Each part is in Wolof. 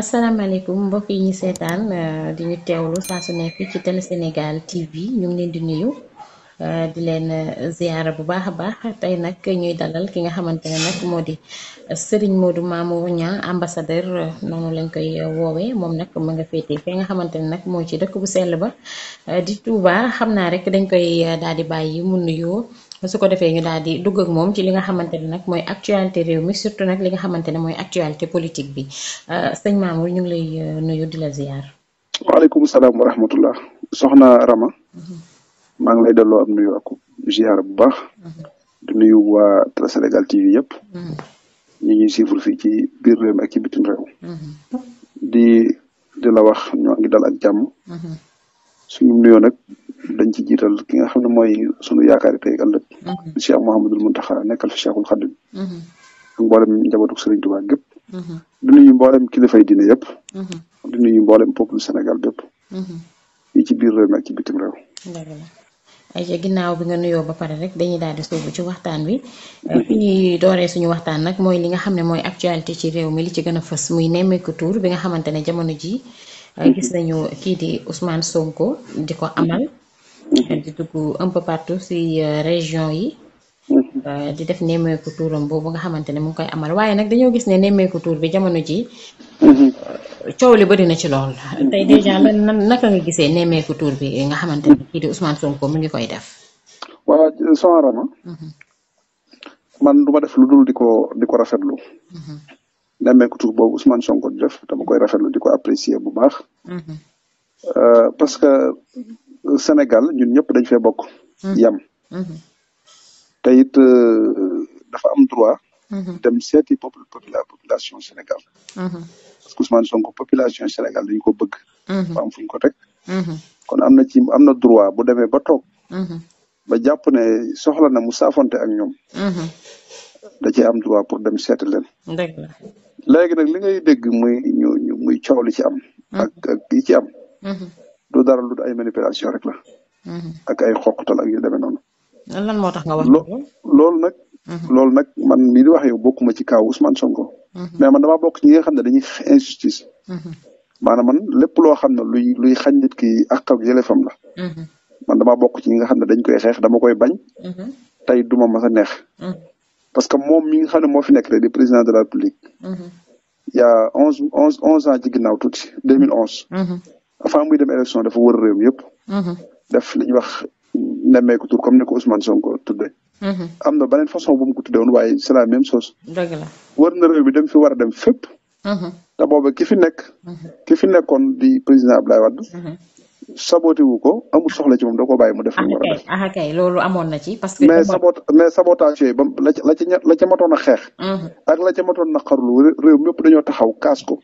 asalaamaaleykum mbokk yi ñu seetaan euh, di ñu teewlu saa su nekk ci Télé Sénégal TV ñu ngi leen di nuyu euh, di leen euh, ziara bu baax a baax tey nag ñuy dalal ki nga xamante ne nag moo di Serigne Modou Mamour Niang ambassadeur noonu lañ koy woowee moom nag mu nga féete fi nga xamante ne nag moo ci dëkk bu sell ba di Touba xam naa rek dañ koy daal di bàyyi mu nuyoo. su ko defee ñu daal di dugg moom ci li nga xamante ne nag mooy actualité réew mi surtout nag li nga xamante ne mooy actualité politique bi euh, sëñ Mamour ñu ngi lay euh, nuyu di la ziar. waaleykum salaam wa rahmatullah soxna Rama. Mhm. maa ngi lay delloo am nuyu ak ziar bu baax. Mhm. di nuyu waa Télé Sénégal TV yëpp. Mhm. ñi ñuy suivre fii ci biir réew mi ak ci bitim réew. di di la wax ñoo ngi dal ak jàmm. suñu nuyoo nag dañ ci jiital ki nga xam ne mooy sunu yaakaari tey ëllëg mhm. Cheikh Mouhamadul Mountakha nekkal fi mhm. mhm. di nuyu mboolem kilifay diine yëpp di nuyu mboolem ci biir réew mi ak ci bitim réew ba pare rek dañuy daal di sóobu ci waxtaan wi eh, fi ñuy dooree suñu waxtaan nag mooy li nga xam ne mooy actualité ci réew mi gën a fës bi nga xamante ne jamono ji eh, gis nañu kii di Ousmane Sonko di ko amal di dugg un peu partout si euh, région yi mhm. euh, di def nemmeeku tuuram boobu nga xamante ne mu koy amal waaye nag dañoo gis ne nemmeeku tuur bi jamono ji mhm. euh, coow li bëri na ci lool mhm. tey dèjà lan nan naka nga gisee nemmeeku tuur bi nga xamante ne kii di Sonko mu ngi koy def voilà Soxna man du ma def lu dul di ko di ko rafetlu nemmeeku tuur boobu Ousmane Sonko di def dama koy rafetlu di ko apprécier bu baax parce que Sénégal ñun ñëpp dañ fee bokk. Mhm. yam mhm. te it euh, dafa am droit. Mhm. dem seeti pop la population Sénégal. parce que Ousmane Sonko population Sénégal dañ ko bëgg. ba am ko teg. kon am na ci am na droit bu demee ba toog. ba jàpp ne soxla na mu saafonte ak ñoom. da ci am droit pour dem seeti leen. léegi nag li ngay dégg muy ñu muy coow ci am. ak ak ci am. du a lu ay manipulation rek la. Mhm. ak ay xoqatal ak yu demee noonu. lan moo tax nga wax. loolu nag. Mhm. loolu nag man mii di wax bo bokkuma ci kaw Ousmane Sonko. Mhm. mais man damaa bokk ci ñi nga xam ne dañuy injustice. maanaam man lépp loo xam ne luy xañ nit ki ak ak yelefam la. man damaa bokk ci ñi nga xam ne dañ koy xeex dama koy bañ. tey du ma mas a neex. parce que moom mi nga xam ne moo rek di président de la République. il a onze onze onze ans ci ginnaaw tuuti deux mille onze. avant muy dem élection a wër réew mi yëpp. Mhm. def li ñuy wax nemmeeku tur comme ni ko Ousmane Sonko tuddee. Mhm. am na beneen façon bu mu ko tuddee c'est la même chose. dëgg la mi dem fi war a dem fépp. Mhm. te booba ki nekk. ki fi nekkoon di président Abdoulaye Wade. saboté wu ko amul soxla ci moom da koo bàyyi mu def. lu mu war a ah, def ah kay loolu amoon na ci parce que. mais sabot mais sabotage la ca a xeex. ak la ca matoon a xarlu réew mi yëpp dañoo taxaw kaas ko.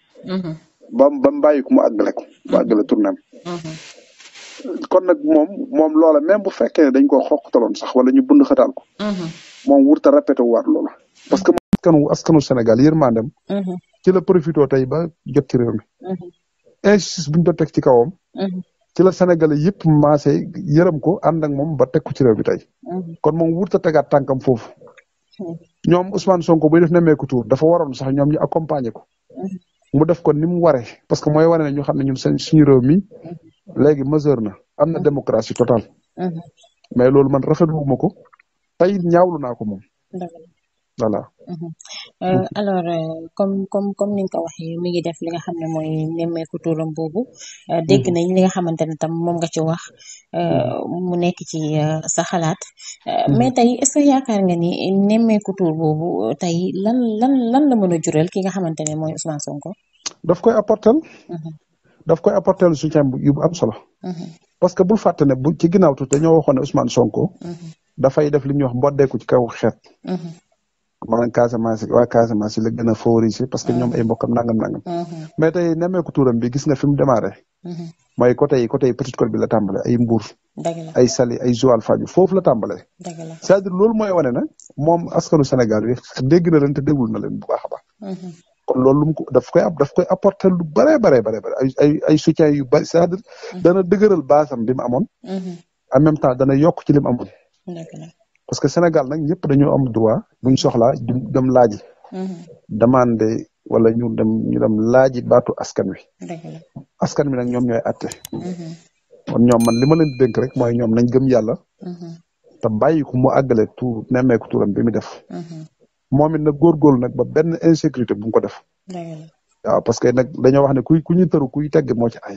ba ba mu bàyyi ko mu àggale ko mu mm-hmm. kon nag moom moom loola même bu fekkee ne dañ koo xoqtaloon sax wala ñu bund xa xataal ko mm-hmm. moom wurta répété waat loola mm-hmm. parce que moom askanu askanu Sénégal yërmandem ci la profité tey ba jot ci réew mi injustice bu ñu ci kawam ci la Sénégalais yëpp maase yërëm ko ànd ak moom ba teg ko ci réew mi tey kon moom wurta tegaat tànkam foofu ñoom Ousmane Sonko buy def nemmeeku tuur dafa waroon sax ñoom ñu accompagner ko mu def ko ni mu waree parce que mooy waree ne ñu xam ne ñun seen suñu mi léegi mesure na am na démocratie totale mhm. mais loolu ma rafetlu ma ko tey ñaawlu naa ko moom voilà. Mm-hmm. Euh, mm-hmm. alors euh, comme comme comme ni nga ko waxee mi ngi def li nga xam ne mooy nemmeeku tuuram boobu. Euh, dégg mm-hmm. nañ li nga xamante ne tam moom nga ci wax mu nekk ci sa xalaat. mais tey est-ce que yaakaar nga ni nemmeeku tuur boobu tey lan lan lan la mën a jural ki nga xamante ne mooy Ousmane Sonko. daf koy apporter. daf koy apporter le soutien yu am solo. parce que bul fàtte ne ci ginnaaw tuuti dañoo waxoon ne Ousmane Sonko. def li ñuy wax mboddeeku ci kaw xeet. maanaam Casamance waa Casamance la gën a favoriser parce que ñoom ay mbokkam nangam nangam. Ah. Ah. mais tey nemmeeku tuuram bi gis nga fi mu démarré. Mm-hmm. mooy côté yi côté yi Petite Côte la tàmbale ay Mbour. ay Saly ay Joal Fadiouth foofu la tàmbale. c'est-à-dire loolu mooy wane na moom Sénégal bi dégg na te déggul na leen bu a baax. Mm-hmm. kon loolu lu mu daf koy apporter lu bëree bëree bëri ay ay ay soutien mm-hmm. dana dëgëral baasam bi mu amoon. en dana yokk ci li parce que Sénégal nag ñëpp dañoo am droit buñ soxlaa du dem laaji mhm. demande wala ñu dem ñu dem laaji baatu askan wi askan wi nag ñoom ñooy atte mhm. ñoom man li ma leen dénk rek mooy ñoom nañ gëm yàlla mhm. te bàyyi ko mu àggale tuur nemmeeku tuuram bi mu def moom it nag góorgóorlu nag ba benn insécurité buñ ko def waaw parce que nag dañoo wax ne kuy ku ñu tëru kuy tegg moo ci ay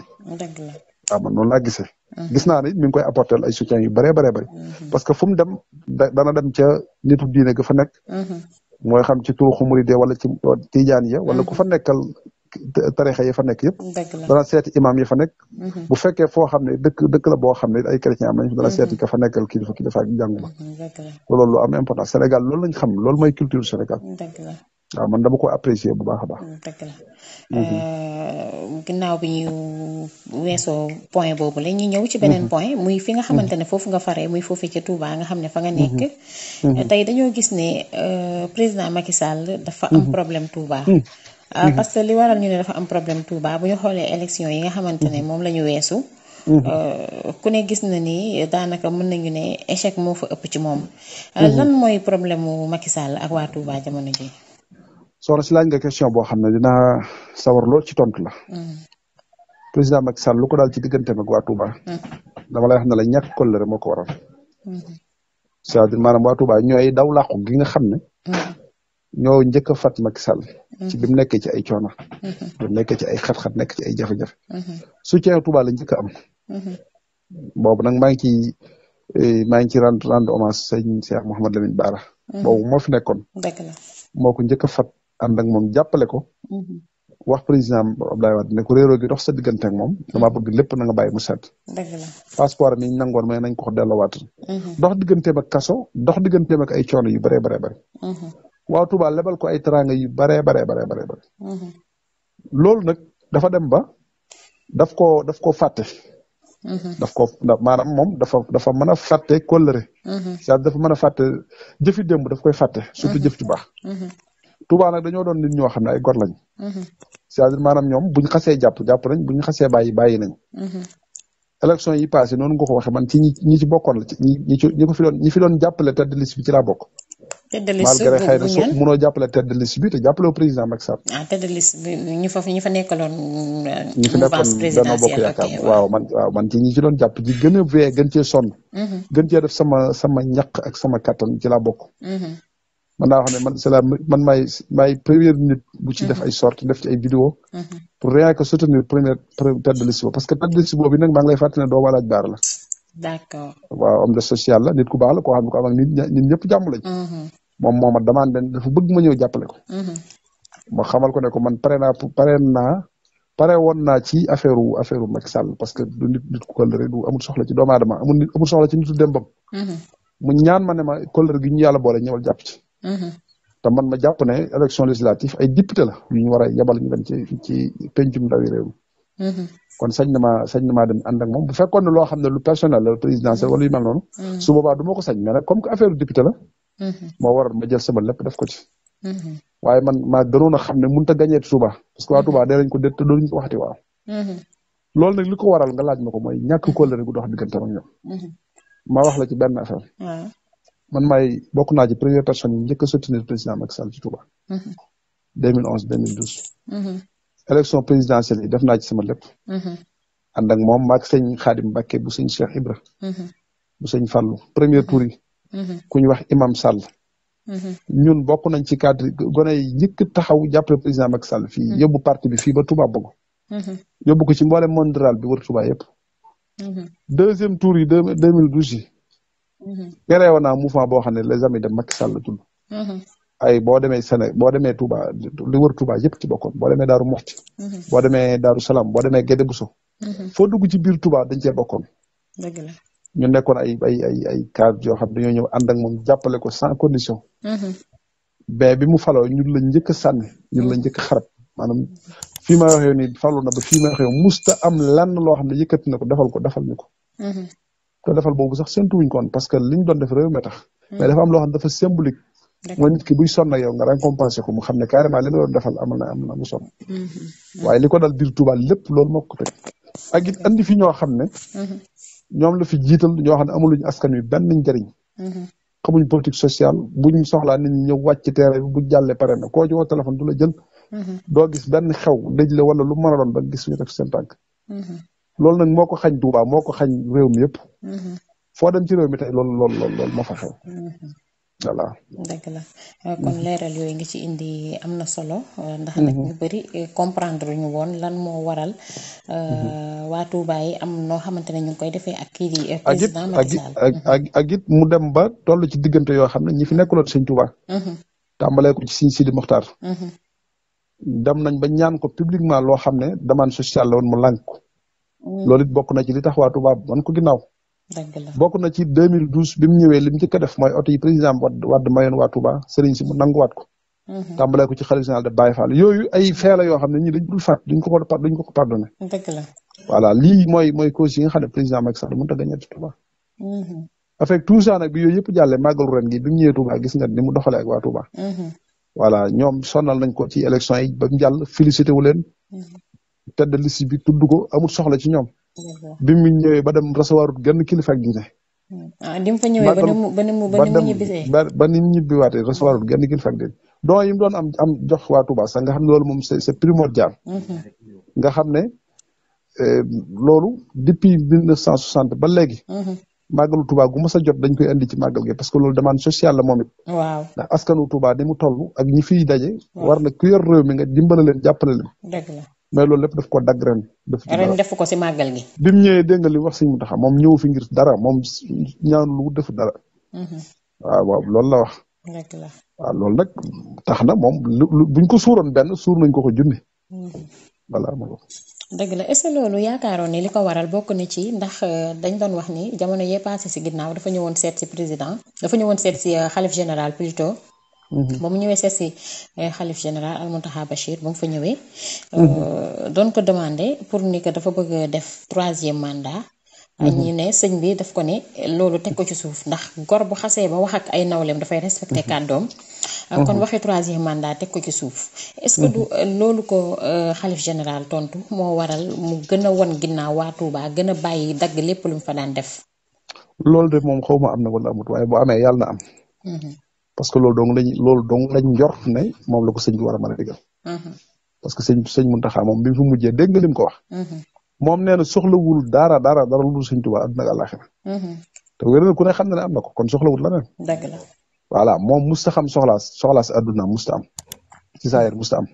waaw ah, man noonu laa gisee. Mm-hmm. gis naa ne mi ngi koy apporter ay soutien yu bëree bëree bëri. Mm-hmm. parce que fu mu dem dana dem ca nitu diine ga fa nekk. Mm-hmm. mooy xam ci turu xumurid wala ci uh, tijaan ya wala ku fa nekkal tarixa yi fa nekk yëpp. dana seeti imam yi fa nekk. bu fekkee foo xam ne dëkk dëkk la boo xam ne ay chrétien am nañ dana seeti ka fa nekkal kilifa kilifa ak njànguma. loolu lu am important Sénégal loolu lañ xam loolu mooy culture Sénégal. waaw man dama ko apprécier bu baax a baax. Mm, dëgg mm-hmm. euh, ginnaaw bi ñu weesoo point boobu la ñuy ñëw ci beneen mm-hmm. point. muy fi nga mm-hmm. xamante ne foofu nga faree muy foofu ci tuubaa nga xam ne fa nga nekk. tey dañoo gis ne euh, président Macky Sall dafa am problème Touba. Euh, parce que li waral ñu ne dafa am problème Touba bu ñu xoolee élection yi nga xamante ne moom la ñu weesu. ku ne gis na ni daanaka mën nañu ne échec moo fa ëpp ci moom. lan mooy problème mu Macky Sall ak waa Touba jamono ji soxna si laaj nga question boo xam ne dinaa sawar lool ci tontu la. Mm. président Macky Sall lu ko daal ci digganteem ak waa Touba. Mm. dama lay wax ne la ñàkk kóllëre moo ko waral. Mm-hmm. c'est-à-dire maanaam waa Touba ñooy daw làqu gi nga xam ne. Mm-hmm. ñoo njëkk a fat Macky Sall. Mm-hmm. ci bi mu nekkee ci ay coono. bi mu ci ay xat-xat nekk ci ay jafe-jafe. soutien Touba la njëkk a am. boobu nag maa ngi ciy eh, maa ngi ci rendre rendre hommage sëñ Cheikh Mouhamed Lamine Bara. boobu moo fi nekkoon. dëgg la moo ko njëkk a fat ànd ak moom jàppale ko mm-hmm. wax président Abdoulaye Wade ne ko réeroo gi dox sa diggante ak moom damaa bëgg lépp na nga bàyyi mu set passeport mi ñu nangoon mais nañ ko wax delloowaat mm-hmm. dox digganteem ak kaso dox digganteem ak ay coono yu bëree bëree bëri mm-hmm. waaw Touba lebal ko ay teraanga yu bëree bëree bëree bëree bëri loolu nag dafa dem ba daf ko daf ko fàtte daf ko maanaam moom dafa dafa mën a fàtte kóllëre dafa mën a fàtte jëfi démb daf koy fàtte surtout jëf ju baax Touba nag dañoo doon nit ñoo xam ne ay gor lañ mhm. c'est-à-dire maanaam ñoom buñ xasee jàpp jàpp nañ buñ xasee bàyyi bàyyi nañ mhm. élection yi passé noonu nga ko waxee man ci ñi ñi ci bokkoon la ñi ñi ci ñi ko fi doon ñi fi doon jàppale tête de liste bi ci laa bokk malgré xëy na su mënoo jàppale tête de liste bi te jàppale président Macky Sall ah tête de liste bi ñi fa ñi fa nekkaloon euh, ñi fi nekkoon Benno Bokk Yaakaar waaw man waaw man ci ñi ci doon jàpp ji gën a vee gën cee sonn mhm. gën cee def sama sama ñaq ak sama kattan ci laa bokk man c'est la man maay première nit bu def mhm. ay sorties def ci ay vidéo mhm. pour rien que soutenir première tête de liste parce que tête de liste la d'accord waaw homme de social la nit ku baax la koo xam ne ko am ak lañ mhm. moom moo ma demande ne dafa bëgg ma ñëw jàppale ko ma ko ne ko man pare naa pare naa pare naa ci affaire u affaire u Macky Sall parce que du nit nit ku kóllëre soxla ci doomu aadama amul mu ñaan ma ne ma kóllëre gi ñu yàlla boole ñëwal jàpp ci Mhm. te man ma jàpp élection législative ay député la yu ñu war a yebal ñu ci ci pencum ndawi mhm. kon sañ na ma sañ na maa dem ànd ne loo xam ne lu personnel la présidentiel wala yu mel noonu mhm. su ma ko sañ mais nag comme que ma jël sama lépp def ko waaye man maa xam ne mënut ta gañeet Touba parce que waa Touba dee ko dé te doonuñu ko waxati waaw loolu nag li ko waral nga laaj ma ko mooy ñàkk kóllëre gu dox diggante ak ñoom ma wax la ci benn affaire man maay bokk naa ci première personne yi njëkk a soutenir président Macky Sall ci Touba. 2011 mm-hmm. 2012. Mm-hmm. élection présidentielle yi def naa ci sama lépp. Mm-hmm. ànd ak moom maag sëñ Xaadim Mbàkke bu sëñ Cheikh Ibra. bu sëñ Fallou premier tour yi. ku ñu wax imam Sall. ñun bokk nañ ci cadre gone yi njëkk taxaw jàppale président Macky Sall fi yóbbu parti bi fii ba Touba Bogo. yóbbu ko ci mboolem monde rural bi wër Touba yëpp. deuxième tour yi deux mille douze yi. créé mm-hmm. na naa mouvement boo xam ne les amis de Macky Sall la tudd. Mm-hmm. ay boo demee Séné boo demee Touba li wër Touba yëpp ci bokkoon boo demee Daaru Moxti. Mm-hmm. boo demee Daaru Salaam boo demee Gédé Bousso. foo dugg ci biir Touba dañ cee bokkoon. dëgg la ñu nekkoon ay ay ay ay cadre yoo xam dañoo ñëw ànd ak moom jàppale ko sans condition. mais bi mu faloo ñun la njëkk a sànni ñun la njëkk a xarab maanaam fii ma waxee nii na ba musta am lenn loo xam ne yëkkati na ko defal ko defal ñu ko. te defal boobu sax séntu wuñ koon parce que liñ doon def réew mi tax hmm. mais dafa am loo xam dafa ki buy sonn yow nga récompensé ko mu xam ne carrément li la doon defal amal na hmm. waaye li ko dal biir Touba lépp loolu moo ko teg andi fi ñoo xam ne hmm. ñoom la fi jiital ñoo xam ne amuluñ askan wi benn njëriñ xamuñ politique sociale buñ soxlaa nit ñi ñëw wàcc ci terrain bi bu jàllee pare na koo ci woo du la jël doo gis benn xew dëj la wala lu mën a doon ba gis suñu seen tànk loolu nag moo ko xañ Touba moo ko xañ réew mi yëpp. Mm-hmm. foo dem ci réew mi tey loolu loolu loolu loolu moo fa xew. Mm-hmm. voilà dëgg eh, mm-hmm. indi am na solo eh, ndax nag ñu bëri eh, comprendre ñu woon lan moo waral waa Touba yi am noo xamante ne ñu koy defee ak kii di président Macky Sall ak ak mu dem ba toll ci diggante yoo xam ne ñi fi nekkuloon sëñ Touba tàmbalee ko ci sëñ Sidi Mokhtar dem nañ ba ñaan ko publiquement loo xam ne demande sociale la woon mu lànk loolu it bokk na ci li tax waa Touba man ko bokk na ci 2012 bi mu ñëwee lim njëkk a def mooy oto président Wade Wade mayoon waa Touba sëriñ si mu nanguwaat ko. Mhm. tàmbalee ko ci xalifa général Fall yooyu ay fee la xam ne ñii dañ dul fàtt duñ ko ko duñ ko ko pardonné. dëgg la voilà lii mooy mooy a gagné Touba. Mhm. avec tout ça nag bi ren gi bi mu ñëwee gis nga ni mu doxalee ak waa Touba. Mhm. voilà ñoom sonal nañ ko ci élection yi ba mu jàll félicité tedd liste bi tudd ko amul soxla ci ñoom. bi mu ñëwee ba dem recevoir genn kilifa ak diine. Hmm. ah di mu fa ñëwee ba ni mu ba ni mu genn kilifa ak diine don yi mu doon am am jox waa Touba sax nga xam ne loolu moom c'est c'est primordial. Hmm. nga xam ne eh, loolu depuis mille neuf cent soixante ba léegi. Hmm. màggalu Touba gu mës a jot dañ koy andi ci màggal gi parce que loolu demande sociale la moom waaw ndax askanu Touba ni mu toll ak ñi fiy daje. war na ku yor réew mi nga dimbale leen jàppale leen. mais loolu lépp daf ko dagg ren. ren defu ko si màggal gi. bi mu ñëwee dégg nga li wax Sëñ Muntaxa moom ñëw fi ngir dara moom ñaanu lu defu dara. Mm-hmm. waaw waaw loolu la wax. dëgg la waaw loolu nag tax na moom lu buñ ko suuroon benn suur nañ ko ko junni. Mm-hmm. voilà moom. dëgg la est-ce que loolu yaakaaroon ni li ko waral bokk na ci ndax euh, dañ doon wax ni jamono yee passé si ginnaaw dafa ñëwoon seet si dafa ñëwoon seet si euh, xalif général plutôt Mm-hmm. ba mu ñëwee seet si eh, xalif général Almuntaxa Bachir ba fa ñëwee. Mm-hmm. Euh, doon ko demandé pour ni dafa bëgg a def troisième mandat. Mm-hmm. ñu ne sëñ bi def ko ne loolu teg ko ci suuf ndax gor bu xasee ba wax ak ay nawleem dafay respecté kàddoom. kon waxee troisième mandat teg ko ci suuf. est-ce que euh, loolu ko euh, xalif général tontu moo waral mu gën a won ginnaaw waatu Touba gën a bàyyi dagg lépp lu mu fa daan def. loolu de moom xaw ma am na wala amut waaye bu amee yàlla na am. parce que loolu dong lañ loolu dong lañ njort ne moom la ko sëñ bi war a mën a digal mhm. parce que sëñ sëñ Muntaxa moom bi mu fi dégg nga lim ko wax mhm. moom nee na soxlawul dara dara dara lu sëñ Tuubaa àdduna mhm. te wér na ku ne xam na ne am na ko kon soxlawul leneen dëgg la voilà moom musta xam soxla soxlaas àdduna musta am ci saayir musta am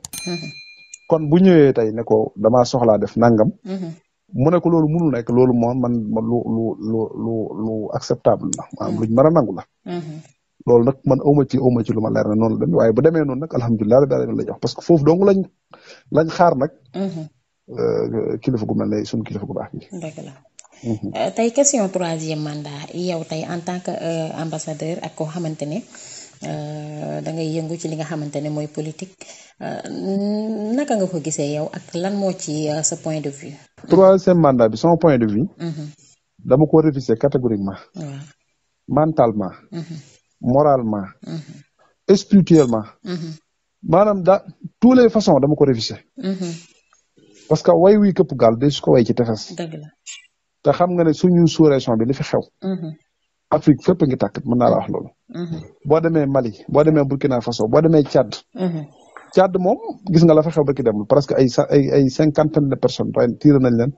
kon bu ñëwee tey ne ko damaa soxlaa def nangam mu ne loolu mënul nekk loolu moom man lu lu lu lu lu acceptable la maanaam luñ mën a nangu la loolu nag man awma ci awma ci ma leer na noonu la demee waaye bu demee noonu nag alhamdulilah rabbil alamin la jox parce que foofu dong lañ lañ mm-hmm. euh, ne suñu baax mm-hmm. euh, tey question troisième mandat yow tey en tant que euh, ambassadeur ak koo xamante ne da ngay yëngu ci li nga xamante ne mooy politique naka nga ko gisee yow ak lan moo ci sa point de vue. troisième mandat bi son point de vue. Mm-hmm. dama ko réviser catégoriquement. mentalement. moralement mm-hmm. spirituellement mm-hmm. maanaam da tous les façons dama ko réviser mm-hmm. parce que way wii këpp gaal day su ko way ci tefes te xam nga ne suñu sous-région bi li fi xew Afrique fépp ngi tàkk mën naa la wax loolu boo demee Mali boo demee Burkina façon boo demee Tchad Tchad moom gis la fa xew ba ki demul presque ay ay ay cinquantaine de personnes ren tiir nañ leen.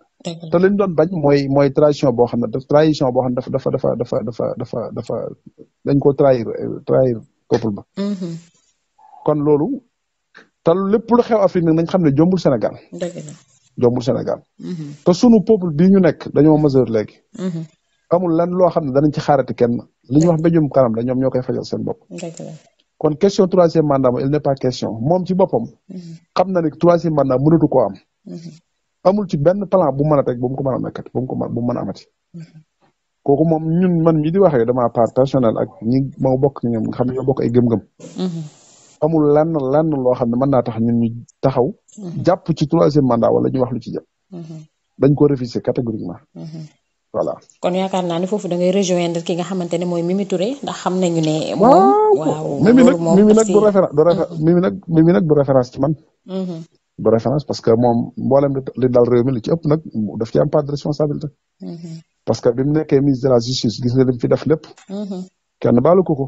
te lañ doon bañ mooy mooy tradition boo xam ne daf tradition boo xam ne dafa dafa dafa dafa dafa dafa dañ ko trahir trahir peuple ba. Mm-hmm. kon loolu te lépp lu xew Afrique nag xam ne jombul Sénégal. dëgg la jombul Sénégal. Mm-hmm. te sunu peuple bii ñu nekk dañoo mesure léegi. Mm-hmm. amul lan loo xam ne danañ ci xaarati ken li ñu wax mbéjum kanam la ñoom ñoo koy fajal sen bopp. kon question troisième mandat il n'est pas question moom ci boppam. xam na ne troisième mandat mënatu koo am. amul ci benn plan bu mën a teg bu ko mën a nekkati bu ko mën bu mu mën a amati. kooku moom ñun man mii di waxee damaa partationnel ak ñi ma bokk ñoom xam ne ñoo bokk ay gëm-gëm. amul lenn lenn loo xam ne mën naa tax ñun ñu taxaw. jàpp ci troisième manda wala ñu wax lu ci jëm. dañ ko refuser catégoriquement. voilà kon yaakaar naa ne foofu da ngay rejoindre ki nga xamante ne mooy Mimi Touré ndax xam nañu ne. moom waaw Mimi nag Mimi nag du référence du référence Mimi nag Mimi du référence ci man. Mm-hmm. du référence parce que moom mboolem de dal réew mi li ci ëpp nag def ci am part de responsabilité. Mm-hmm. parce que bi mu nekkee ministre de la justice gis nga li mu fi def lépp. Mm-hmm. kenn baalu ko ko.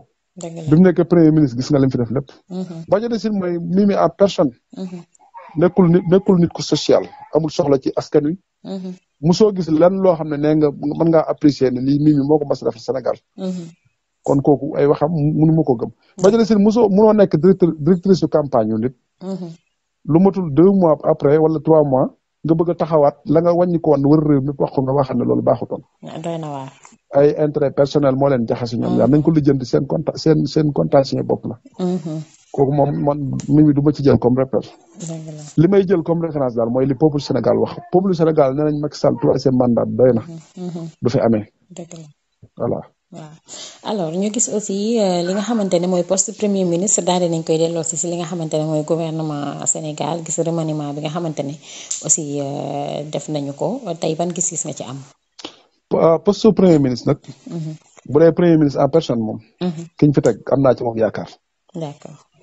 bi mu nekkee premier ministre gis nga li mu fi def lépp. ba ñu desin mooy Mimi à personne. nekkul nit nekkul nit ku social amul soxla ci askan wi. musoo gis lan loo xam ne nee nga mën ngaa apprécier ne lii Mimi moo ko mas a Sénégal. Mhm. kon kooku ay waxam mënu ma ko gëm. ba jëlee si nekk directeur directrice su campagne yu nit. Mhm. lu matul deux mois après wala trois mois nga bëgg a taxawaat la nga wàññi ko woon wër réew mi wax ko nga waxal ne loolu baaxutoon. Ah, doy na waar. ay intérêt personnel moo leen jaxase ñoom. daal mhm. nañ ko lijjanti seen compta seen seen comptation bopp la. kooku mi du ma ci jël comme référence li may jël comme référence daal mooy li peuple Sénégal wax peuple Sénégal nee nañ Macky Sall troisième mandat doy na mm-hmm. du fi euh, daal nañ koy delloo si si li nga xamante mooy gouvernement Sénégal gis remaniement bi nga xamante aussi euh, def nañu ko tey gis-gis nga ci am. Euh, poste premier ministre nag. Mm-hmm. bu premier ministre en personne moom. Mm-hmm. ki fi teg am naa ci moom yaakaar.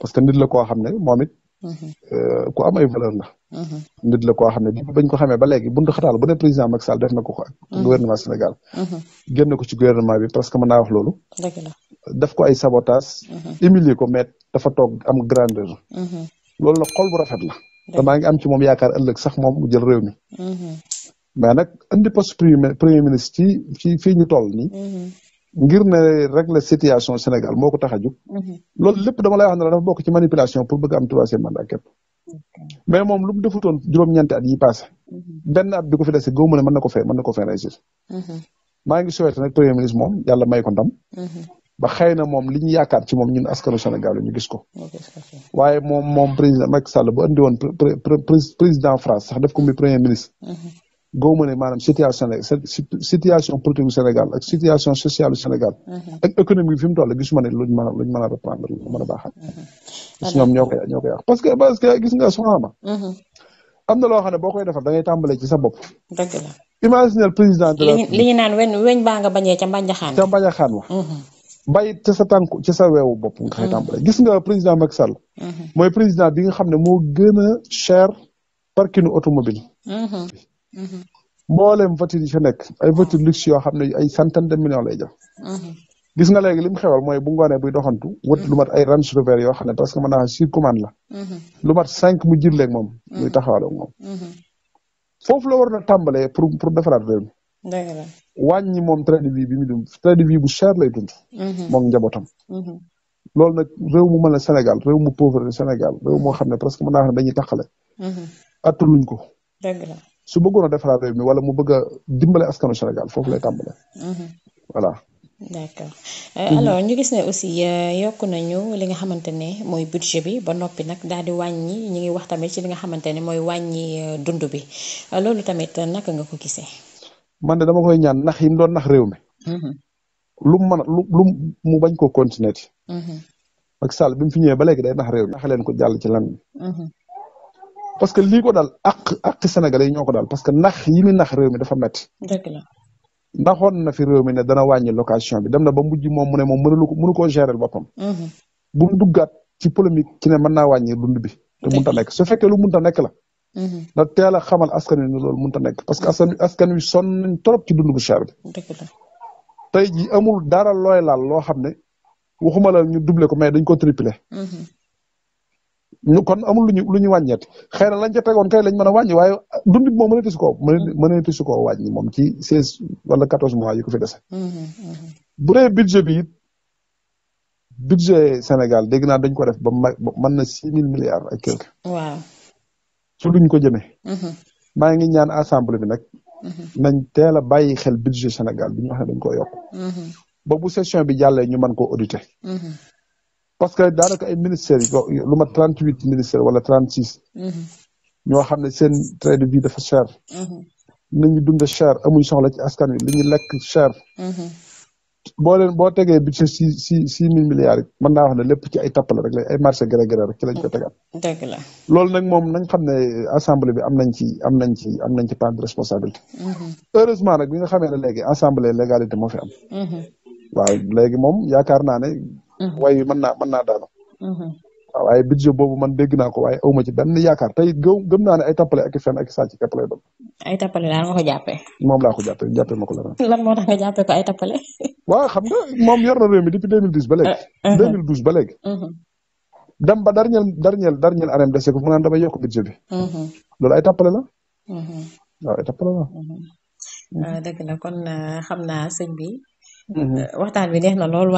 parce que nit la koo xam ne moom it. Mm-hmm. Euh, ku am ay valeur la. Mm-hmm. nit la koo xam ne ba léegi buntu xataal bu ne président Macky Sall def na ko ko ak mm-hmm. gouvernement ko ci gouvernement bi parce que mën naa wax loolu. ko ay sabotage. humilier ko mais dafa toog am grandeur. loolu la xol bu rafet la. te maa am ci moom yaakaar ëllëg sax moom mu jël réew mi. mais nag indi premier ministre ci ci ñu toll nii. ngir ne régler situation Sénégal moo ko tax a jug. Mhm. loolu lépp dama lay wax ne la dafa bokk ci manipulation pour bëgg am troisième mandat képp. mais moom lu mu defutoon at yi passé mhm. benn at bi ko fi dese góobu ne mën na ko fee mën na ko fee mhm. maa ngi souhaité nag premier ministre moom yàlla may ko ndam. ba xëy na moom li ñu yaakaar ci moom ñun askanu Sénégal ñu gis ko. waaye moom moom président Macky Sall bu andi woon président France sax def ko premier ministre. goo ma ne maanaam situation situation politique du Sénégal ak situation sociale du Sénégal. Mhm. ak économie bi fi mu a luñ mën a reprendre lu mën a baaxaat. Mhm. gis nga soxna mhm. am na loo xam ne boo koy defar da ngay tàmbalee ci sa bopp. dëgg la imaginal président de la. li ñu naan weñ weñ baa nga bañee ca mbañaxaan. ca mbañaxaan wa. bàyyi ca sa tànku ci sa weewu bopp nga koy tàmbalee gis nga président Macky Sall. mooy président bi nga xam ne moo gën a cher parking automobile Mm-hmm. mbooleem voiture yi fa nekk ay voiture luxe yoo xam ne ay centaine de millions lay jëf mm-hmm. gis nga léegi li mu xewal mooy bu ngoonee buy doxantu wut lu mat ay Range Rover yoo xam ne parce que la mm-hmm. lu na tàmbalee pour pour defaraat réew mi wàññi moom train de vie bi mu dund bu cher lay dund moom njabootam loolu nag réew mu mel ne Sénégal réew mu pauvre Sénégal réew moo xam ne presque mën naa wax ne dañuy taxale attaluñ ko dëgg la su bëggoon a defaraat réew mi wala mu bëgg a dimbale askanu Sénégal foofu lay tàmbale. Mhm. voilà. d' euh, mm-hmm. ñu gis ne aussi euh, yokk nañu li nga xamante ne mooy budget bi ba noppi nag daal di wàññi ñu ngi wax tamit ci li nga xamante ne mooy wàññi euh, dund bi loolu tamit naka nga ko gisee. man de dama koy ñaan nax yi mu doon nax réew mi. Mhm. lu mu mën a lu lu mu bañ koo continuer. Mhm. ak Sall bi mu fi ñëwee ba léegi day nax réew mi. nax leen ko jàll ci parce que lii ko dal ak ak Sénégalais yi ñoo ko dal parce que nax yi nax réew mi dafa metti dëgg la naxoon na fi réew mi ne dana wàññi location bi dem na ba mujj moom mu ne moom mënul ko mënu koo gérer boppam. Mhm. bu mu duggaat ci polémique ci ne mën naa wàññi dund bi. mun mënta nekk su fekkee lu ta nekk la. da mhm. teel a xamal askan wi ne loolu mënta nekk parce que askan askan wi sonn nañ trop ci dund bu cher bi. dëgg la tey jii amul dara looy laal loo xam ne waxuma la ñu doublé ko mais dañ ko triplé. Mhm. ñu kon amul lu ñu lu ñu wàññeet xëy na lañ ca tegoon kay lañ mën a wàññi waaye dund bi moom mënatu si koo mënatu si koo moom ci seize wala quatorze mois yi ko fi dese. Mm-hmm, mm-hmm. bu dee budget bi it budget Sénégal dégg naa dañ ko def ba mën na six mille milliards ak quelque. waaw su luñ ko jëmee. Mm-hmm. maa ngi ñaan assemblée bi nag. nañ teel a bàyyi xel budget Sénégal bi ñu wax ne dañ koo yokk. ba bu session bi jàllee ñu man koo auditer. parce que daanaka ay ministères yi lu ma trente huit ministères wala trente six mm-hmm. ñoo xam ne seen train de vie dafa cher mm-hmm. nañu dund cher amuñ soxla ci askan wi li ñu lekk cher mm-hmm. boo leen boo tegee budget si si six mille milliards yi mën naa wax ne lépp ci ay tappale rek la ay marché gré gré rek ci lañ ko tegaat dëgg la loolu moom nañ xam ne assemblée bi am nañ ci am nañ ci am nañ ci part de responsabilité heureusement nag bi nga xamee ne léegi assemblée légalité moo fi am waaw léegi moom yaakaar naa ne Mm-hmm. way wi mën mm-hmm. man dégg naa ko waaye awma ci benn yaakaar tey gëw gëm naa ne ay tappale ak i fen ak i ay tappale daal ma ko la lan moo tax nga jàppee ko ay tappale waaw xam nga moom yor na réew mi depuis deux mille dix ba léegi uh, uh-huh. deux mille douze ba léegi mm-hmm. dem ba dernier a dernier arène dese ko mu naan damay yokk budget bi loolu ay tappale la waaw ay tappale la uh, dëgg la kon uh, xam naa sëñ bi waxtaan bi neex na lool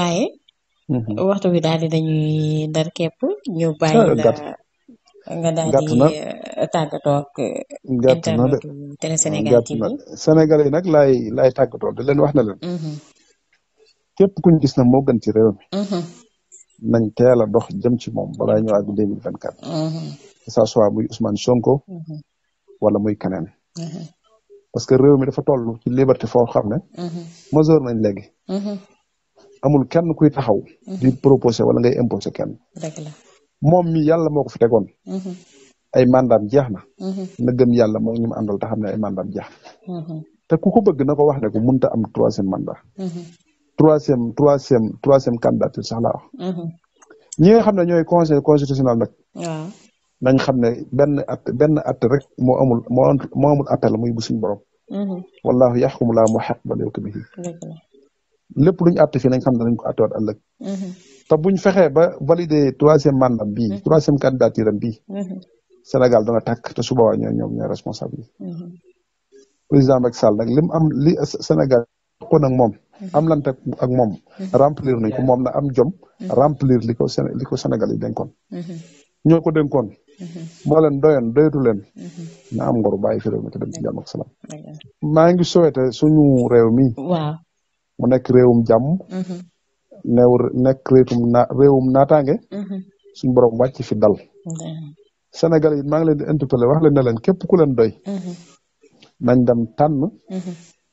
Mm-hmm. waxtu bi daal di dañuy dar képp ñu bàyyi ah, la nga daal di euh, tàggatoo ak euh, internet télé Sénégal TV Sénégal yi nag laay laay tàggatoo di leen wax na leen mm-hmm. képp kuñ gis na moo gën ci réew mi mm-hmm. nañ teel a dox jëm ci moom balaa ñëw àgg deux mille vingt quatre que soit muy Ousmane Sonko wala muy keneen parce que réew mi dafa toll ci liberté foo xam ne majeur nañ léegi amul kenn kuy taxaw. Mhm. di proposé wala ngay imposé kenn. moom mi yàlla moo ko fi tegoon. Mhm. ay mandaam jeex na. Mhm. na gëm yàlla moom ñu mu àndal te xam ne ay mandaam jeex na. te ku ko bëgg na ko wax ne ko mënut a am troisième mandat. troisième troisième troisième candidature sax laa wax. ñi nga xam ne ñooy conseil constitutionnel nag. waaw nañ xam ne benn at benn at rek moo amul moo amul appel muy bu suñu borom. wallahu yaxkumu laa mu xaq ba lépp lu ñu a fii nañ xam ne dañ ko àttewaat ëllëg mm-hmm. te buñ fexee ba valider troisième mandat bii mm-hmm. troisième candidature a bii mm-hmm. Sénégal dana a te su boobaa ñoo ñoom ñooy responsable yi président Macky Sall nag li mu am li Sénégal ko nag moom am lante ak moom remplir nañ ko moom na am jom remplir li Sénégal yi dénkoon ñoo ko dénkoon moo leen doyoon doyatu leen na am ngoru bàyyi fi réew mi te dem ci jàmm ak salaam maa ngi souhaité suñu réew mi mu nekk réewum jàmm mm-hmm. new nekk réewum na réewum naataange mm-hmm. suñ borom wàcc fi dal mm-hmm. Sénégal yi maa ngi leen di interpellé wax leen ne leen képp ku leen doy nañ dem tànn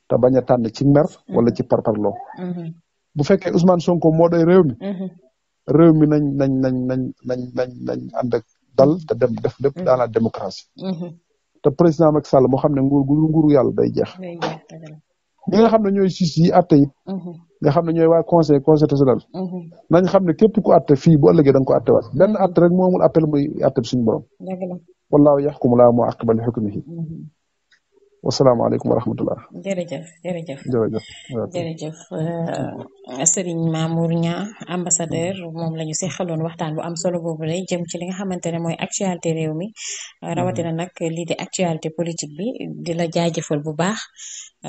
te bañ a tànn ci mer wala ci parparloo bu fekkee Ousmane Sonko moo doy réew mi réew mi nañ nañ nañ nañ nañ nañ nañ ànd dal te dem def lépp dans la démocratie te président Macky Sall moo xam ne nguur gu nguuru yàlla day jeex ñi nga xam ne ñooy juge yi àtte it mm-hmm. nga xam ne ñooy waa conseil constitutionnel mm-hmm. nañ xam ne képp ku àtte fii bu ëllëgee da nga ko àtte waat benn àtte mm-hmm. rek moomul appel muy àtte bi suñu borom wallaahu yaxkumu laa mu aqiba li xukmihi wasalaamaaleykum wa rahmatulah. jërëjëf jërëjëf. jërëjëf jërëjëf euh, Serigne Mamour Niang ambassadeur moom la ñu xaloon waxtaan bu am solo boobu lay jëm ci li nga xamante ne mooy actualité réew mi mm-hmm. rawatina nag lii di actualité politique bi di la jaajëfal bu baax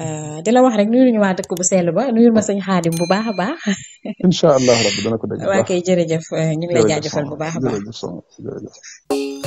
euh, di la wax rek nuyu ñu waa dëkk bu sell ba nuyu ma sëñ Xaadim bu baax a baax. incha allah rabbi dana ko dégg. jërëjëf euh, ñu ngi lay jaajëfal bu baax a baax jërëjëf